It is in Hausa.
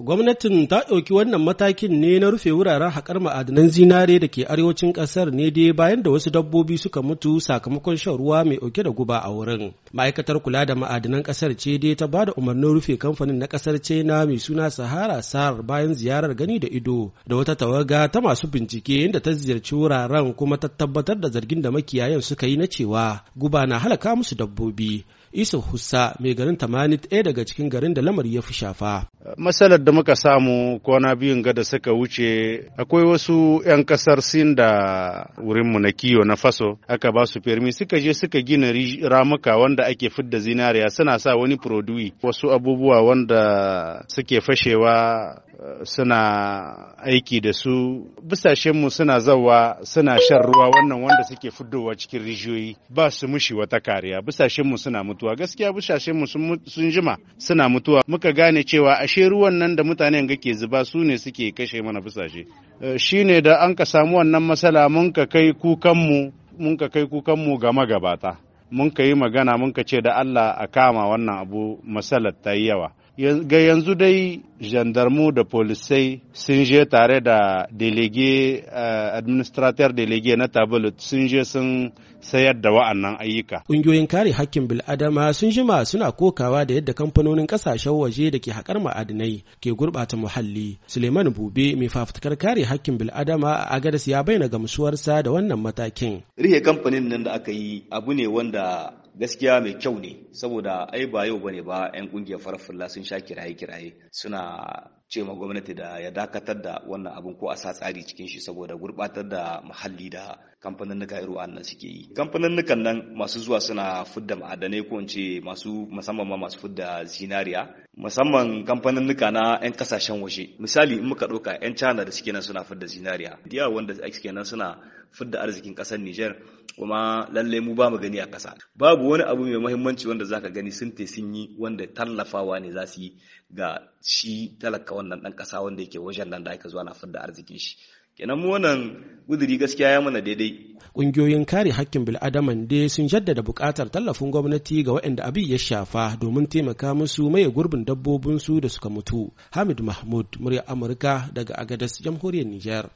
Gwamnatin ta ɗauki wannan matakin ne na rufe wuraren haƙar ma'adanan zinare da ke arewacin ƙasar ne dai bayan da wasu dabbobi suka mutu sakamakon shan ruwa mai ɗauke da guba a wurin. Ma'aikatar kula da ma'adanan ƙasar ce dai ta ba da umarnin rufe kamfanin na ƙasar China mai suna Sahara Sar bayan ziyarar gani da ido da wata tawaga ta masu bincike inda ta ziyarci wuraren kuma ta tabbatar da zargin da makiyayan suka yi na cewa guba na halaka musu dabbobi. Isa Hussa mai garin tamanit ɗaya daga cikin garin da lamari ya fi shafa. matsalar da muka samu kwana biyun gada suka wuce akwai wasu 'yan kasar sin da wurinmu na kiyo na faso aka ba su firmi suka je suka gina ramuka wanda ake fidda zinariya suna sa wani produi wasu abubuwa wanda suke fashewa suna aiki da su bisashenmu suna zawa suna shan ruwa wannan wanda suke fuddowa cikin rijiyoyi ba su mushi wata kariya bisashenmu suna mutuwa gaskiya bisashenmu sun jima suna mutuwa muka gane cewa ashe ruwan nan da mutanen ga ke zuba su ne suke kashe mana bisashe eh, ne da an ka samu wannan masala mun ka kai kukanmu mun ka ga magabata mun ka yi magana mun ka ce da Allah a kama wannan abu matsalar ta yi yawa ga yanzu dai gendarmu da polisai sun je tare da delege eh, administrator delege na tablet sun je sun sayar da wa'annan ayyuka. Ƙungiyoyin kare hakkin bil'adama sun jima suna kokawa da yadda kamfanonin ƙasashen waje da ke haƙar ma'adinai ke gurɓata muhalli. Suleiman Bube mai fafutukar kare hakkin bil'adama a Agadas ya bayyana gamsuwarsa da wannan matakin. Rihe kamfanin nan da aka yi abu ne wanda gaskiya mai kyau ne saboda ai ba yau bane ba 'yan kungiyar farfulla sun sha kiraye-kiraye suna ce ma gwamnati da ya dakatar da wannan abin ko a sa tsari cikin shi saboda gurbatar da muhalli da kamfanin nuka iru nan suke yi kamfanin kamfaninnukan nan masu zuwa suna fudda ma'adanai ko ce masu musamman ma masu fudda zinariya musamman kamfanin nuka na yan kasashen waje misali in muka ɗauka yan China da suke nan suna fudda zinariya diya wanda suke nan suna fudda arzikin ƙasar Niger kuma lalle mu ba mu gani a ƙasa babu wani abu mai muhimmanci wanda zaka gani sun te sun yi wanda tallafawa ne za su yi ga shi talaka wannan dan kasa wanda yake wajen nan da aka zuwa na fidda arziki shi kenan mu wannan guduri gaskiya ya mana daidai ƙungiyoyin kare hakkin bil'adaman dai sun jaddada buƙatar tallafin gwamnati ga waɗanda abin ya shafa domin taimaka musu maye gurbin dabbobinsu da suka mutu hamid mahmud murya amurka daga agadas jamhuriyar niger